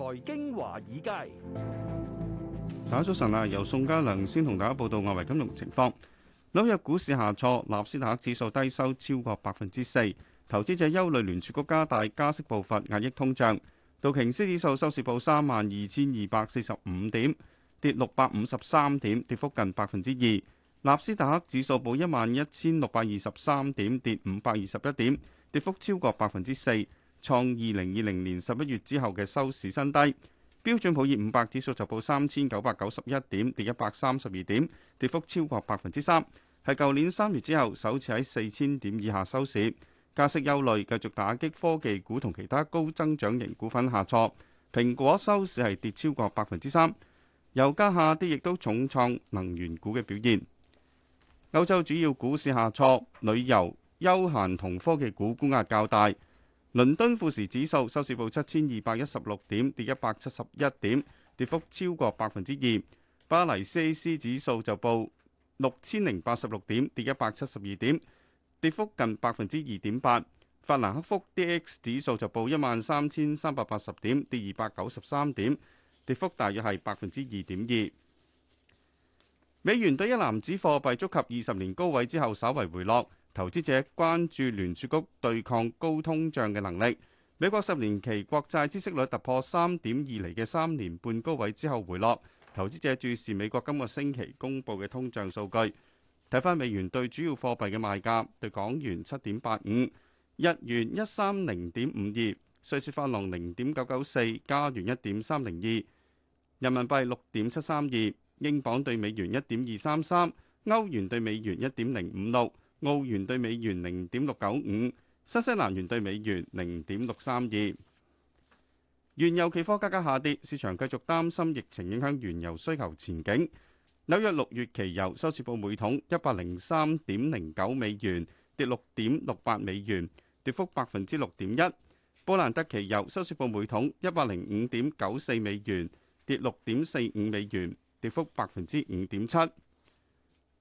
財經華爾街，大家早晨啊！由宋家良先同大家報道外圍金融情況。紐約股市下挫，納斯達克指數低收超過百分之四，投資者憂慮聯儲局加大加息步伐，壓抑通脹。道瓊斯指數收市報三萬二千二百四十五點，跌六百五十三點，跌幅近百分之二。納斯達克指數報一萬一千六百二十三點，跌五百二十一點，跌幅超過百分之四。創二零二零年十一月之後嘅收市新低。標準普爾五百指數就報三千九百九十一點，跌一百三十二點，跌幅超過百分之三，係舊年三月之後首次喺四千點以下收市。加息憂慮繼續打擊科技股同其他高增長型股份下挫。蘋果收市係跌超過百分之三，油價下跌亦都重創能源股嘅表現。歐洲主要股市下挫，旅遊、休閒同科技股沽壓較大。倫敦富時指數收市報七千二百一十六點，跌一百七十一點，跌幅超過百分之二。巴黎 CAC 指數就報六千零八十六點，跌一百七十二點，跌幅近百分之二點八。法蘭克福 DAX 指數就報一萬三千三百八十點，跌二百九十三點，跌幅大約係百分之二點二。美元對一籃子貨幣觸及二十年高位之後，稍為回落。投資者關注聯儲局對抗高通脹嘅能力。美國十年期國債孳息率突破三點二釐嘅三年半高位之後回落。投資者注視美國今個星期公布嘅通脹數據。睇翻美元對主要貨幣嘅賣價，對港元七點八五，日元一三零點五二，瑞士法郎零點九九四，加元一點三零二，人民幣六點七三二，英鎊對美元一點二三三，歐元對美元一點零五六。澳元兌美元零點六九五，新西蘭元兌美元零點六三二。原油期貨價格下跌，市場繼續擔心疫情影響原油需求前景。紐約六月期油收市報每桶一百零三點零九美元，跌六點六八美元，跌幅百分之六點一。布蘭特期油收市報每桶一百零五點九四美元，跌六點四五美元，跌幅百分之五點七。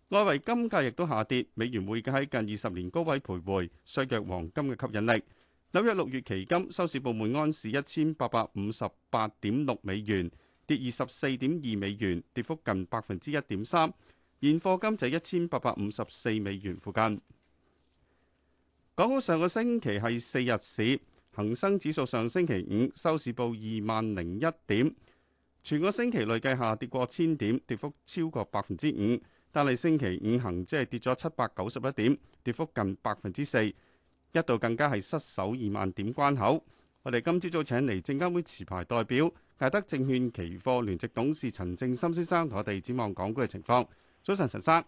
外圍金價亦都下跌，美元匯價喺近二十年高位徘徊，削弱黃金嘅吸引力。紐約六月期金收市報每安士一千八百五十八點六美元，跌二十四點二美元，跌幅近百分之一點三。現貨金就一千八百五十四美元附近。講好上個星期係四日市，恒生指數上星期五收市報二萬零一點，全個星期累計下跌過千點，跌幅超過百分之五。但係星期五恒指跌咗七百九十一點，跌幅近百分之四，一度更加係失守二萬點關口。我哋今朝早請嚟證監會持牌代表艾德證券期貨聯席董事陳正森先生同我哋展望港股嘅情況。早晨，陳生，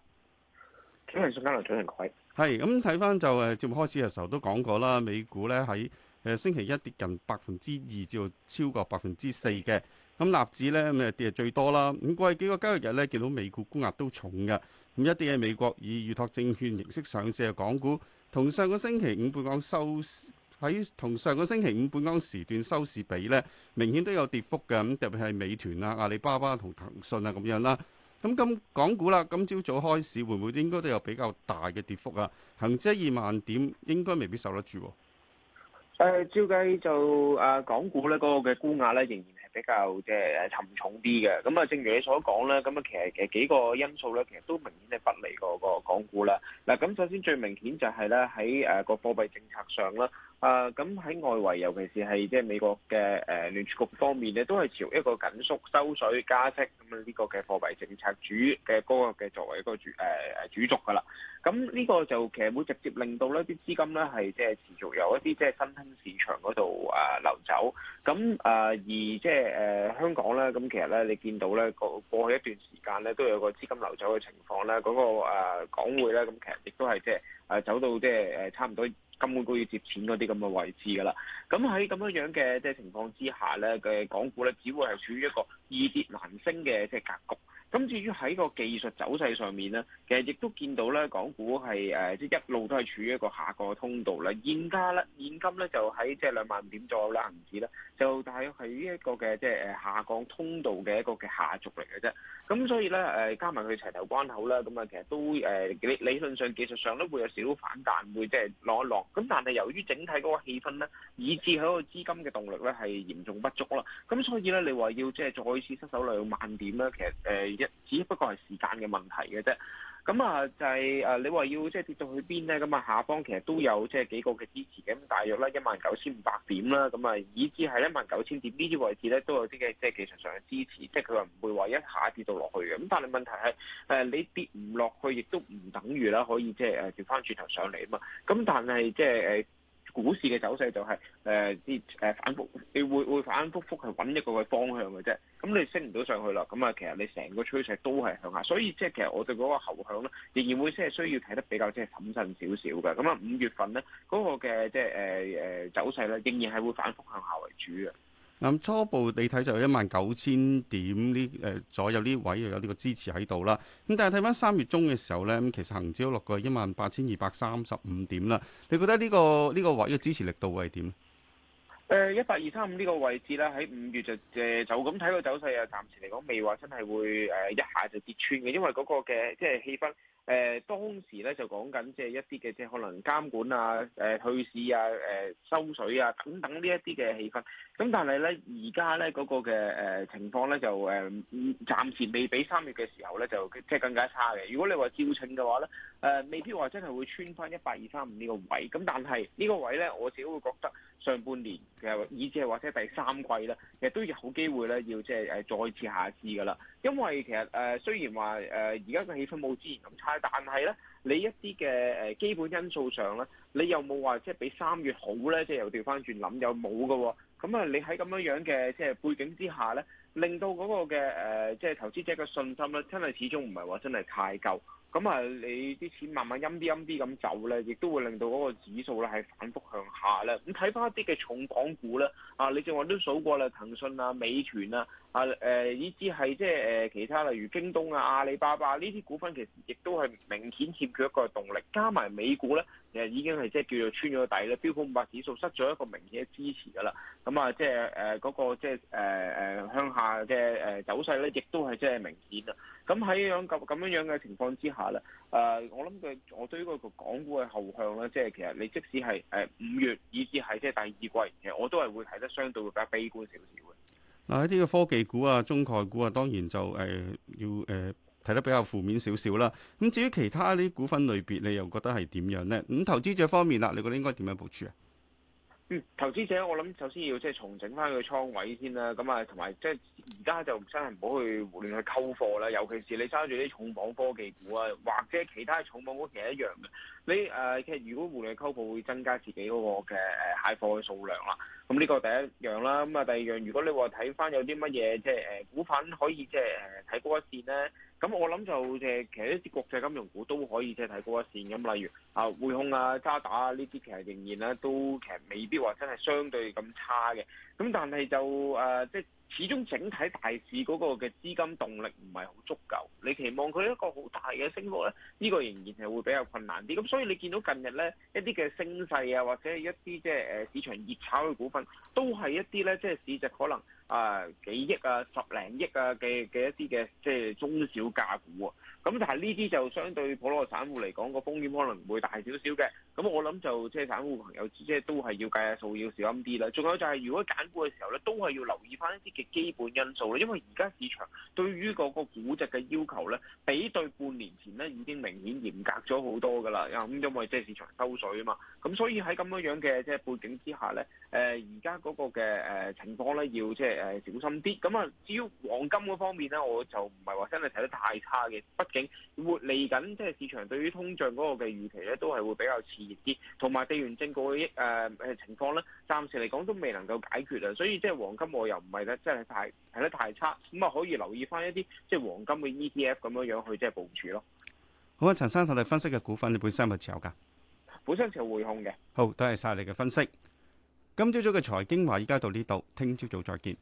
今日上街又睇成鬼。係咁睇翻就誒，節目開始嘅時候都講過啦，美股呢喺誒星期一跌近百分之二，至到超過百分之四嘅。咁納指咧，咪跌係最多啦。咁過去幾個交易日咧，見到美股沽壓都重嘅。咁一啲係美國以預託證券形式上市嘅港股，同上個星期五本港收喺同上個星期五本港時段收市比咧，明顯都有跌幅嘅。咁特別係美團啊、阿里巴巴同騰訊啊咁樣啦。咁、嗯、今港股啦，今朝早開市會唔會應該都有比較大嘅跌幅啊？恒指二萬點應該未必受得住，啊。誒、呃，照計就誒，港股呢嗰、那個嘅沽壓咧仍然，比較即係沉重啲嘅，咁啊，正如你所講啦。咁啊，其實嘅幾個因素咧，其實都明顯係不利個個港股啦。嗱，咁首先最明顯就係咧喺誒個貨幣政策上啦。誒咁喺外圍，尤其是係即係美國嘅誒聯儲局方面咧，都係朝一個緊縮、收水、加息咁樣呢個嘅貨幣政策主嘅嗰個嘅作為一個主誒誒、呃、主軸噶啦。咁呢個就其實會直接令到呢啲資金咧係即係持續有一啲即係新興市場嗰度啊流走。咁啊、呃、而即係誒香港咧，咁其實咧你見到咧過過去一段時間咧都有個資金流走嘅情況咧，嗰、那個、呃、港匯咧咁其實亦都係即係誒走到即係誒差唔多。.根本都要接錢嗰啲咁嘅位置噶啦，咁喺咁樣樣嘅即係情況之下咧，嘅港股咧，只會係處於一個易跌難升嘅即係格局。咁至於喺個技術走勢上面咧，其實亦都見到咧，港股係誒即係一路都係處於一個下降嘅通道咧。現價咧、現金咧就喺即係兩萬點左右啦，唔止啦，就大約喺呢一個嘅即係誒下降通道嘅一個嘅下續嚟嘅啫。咁所以咧誒、呃，加埋佢齊頭關口啦，咁啊其實都誒理、呃、理論上技術上都會有少少反彈，會即係落一落。咁但係由於整體嗰個氣氛咧，以至喺個資金嘅動力咧係嚴重不足啦。咁所以咧，你話要即係再次失守兩萬點咧，其實誒。呃只不過係時間嘅問題嘅啫，咁啊就係誒，你話要即係跌到去邊咧？咁啊下方其實都有即係幾個嘅支持嘅，咁大約咧一萬九千五百點啦，咁啊以至係一萬九千點呢啲位置咧都有啲嘅即係技術上嘅支持，即係佢話唔會話一下跌到落去嘅。咁但係問題係誒，你跌唔落去亦都唔等於啦可以即係誒調翻轉頭上嚟啊嘛。咁但係即係誒。股市嘅走勢就係誒啲誒反覆，你會會反覆覆去揾一個嘅方向嘅啫。咁你升唔到上去啦，咁啊其實你成個趨勢都係向下，所以即係其實我哋嗰個後向咧，仍然會即係需要睇得比較即係謹慎少少嘅。咁啊五月份咧嗰、嗰個嘅即係誒誒走勢咧，仍然係會反覆向下為主嘅。咁初步你睇就有一萬九千點呢誒左右呢位又有呢個支持喺度啦。咁但係睇翻三月中嘅時候咧，咁其實恆指都落過一萬八千二百三十五點啦。你覺得呢、呢個呢、呢個位嘅支持力度會係點咧？誒一八二三五呢個位置啦，喺五月就誒就咁睇個走勢啊，暫時嚟講未話真係會誒一下就跌穿嘅，因為嗰個嘅即係氣氛。誒、呃、當時咧就講緊即係一啲嘅即係可能監管啊、誒、呃、退市啊、誒、呃、收水啊等等呢一啲嘅氣氛，咁但係咧而家咧嗰個嘅誒、呃、情況咧就誒、呃、暫時未比三月嘅時候咧就即係更加差嘅。如果你話調整嘅話咧，誒、呃、未必話真係會穿返一八二三五呢個位，咁但係呢個位咧我自己會覺得。上半年其實，以至或者第三季咧，其實都有好機會咧，要即係誒再次下試㗎喇。因為其實誒雖然話誒而家嘅氣氛冇之前咁差，但係咧你一啲嘅誒基本因素上咧，你又冇話即係比三月好咧？即係又調翻轉諗又冇㗎喎。咁啊，你喺咁樣樣嘅即係背景之下咧？令到嗰個嘅誒，即、呃、係、即係、投資者嘅信心咧，真係始終唔係話真係太夠。咁啊，你啲錢慢慢陰啲陰啲咁走咧，亦都會令到嗰個指數咧係反覆向下啦。咁睇翻一啲嘅重港股咧，啊，你正話都數過啦，騰訊啊、美團啊、啊、呃、誒，以至係即係誒其他例如京東啊、阿里巴巴呢、啊、啲股份，其實亦都係明顯欠缺一個動力。加埋美股咧，其實已經係即係叫做穿咗底啦，標普五百指數失咗一個明顯嘅支持噶啦。咁啊、即係，即係誒嗰個即係誒誒向下嘅誒走勢咧，亦都係真係明顯啊！咁喺樣咁咁樣樣嘅情況之下咧，誒、呃、我諗嘅，我對於個港股嘅後向咧，即係其實你即使係誒五月，以至係即係第二季其實，我都係會睇得相對會比較悲觀少少嘅。嗱喺呢個科技股啊、中概股啊，當然就誒、呃、要誒睇、呃、得比較負面少少啦。咁至於其他啲股份類別，你又覺得係點樣咧？咁投資者方面啦，你覺得應該點樣部署？啊？嗯，投資者我諗首先要即係重整翻佢個倉位先啦。咁啊，同埋即係。而家就真係唔好去胡亂去溝貨啦，尤其是你揸住啲重磅科技股啊，或者其他重磅股其實一樣嘅。你誒、呃、其實如果胡亂溝貨會增加自己嗰、那個嘅誒蟹貨嘅數量啦。咁呢個第一樣啦。咁、嗯、啊第二樣，如果你話睇返有啲乜嘢即係誒、呃、股份可以即係誒睇高一線咧，咁、嗯、我諗就誒其實啲國際金融股都可以即係睇高一線咁、嗯。例如、呃、匯啊匯控啊渣打啊呢啲其實仍然咧都其實未必話真係相對咁差嘅。咁但係就誒，即係始終整體大市嗰個嘅資金動力唔係好足夠，你期望佢一個好大嘅升幅咧，呢個仍然係會比較困難啲。咁所以你見到近日咧一啲嘅升勢啊，或者係一啲即係誒市場熱炒嘅股份，都係一啲咧即係市值可能。啊，幾億啊，十零億啊嘅嘅一啲嘅即係中小價股喎，咁但係呢啲就相對普羅散戶嚟講個風險可能會大少少嘅，咁我諗就即係散戶朋友即係都係要計下數，要小心啲啦。仲有就係如果揀股嘅時候咧，都係要留意返一啲嘅基本因素啦，因為而家市場對於嗰個估值嘅要求咧，比對半年前咧已經明顯嚴格咗好多㗎喇。咁因為即係市場收水啊嘛，咁所以喺咁樣樣嘅即係背景之下咧，誒而家嗰個嘅誒情況咧要即係。誒，小心啲。咁啊，至於黃金嗰方面咧，我就唔係話真係睇得太差嘅。畢竟活嚟緊，即係市場對於通脹嗰個嘅預期咧，都係會比較熾熱啲。同埋，地緣政局嘅誒誒情況咧，暫時嚟講都未能夠解決啊。所以即係黃金，我又唔係咧，真係太睇得太差。咁啊，可以留意翻一啲即係黃金嘅 ETF 咁樣樣去即係部署咯。好啊，陳生，同你分析嘅股份你本身係咪持有噶？本身持有匯控嘅。好，多謝晒你嘅分析。今朝早嘅財經話依家到呢度，聽朝早再見。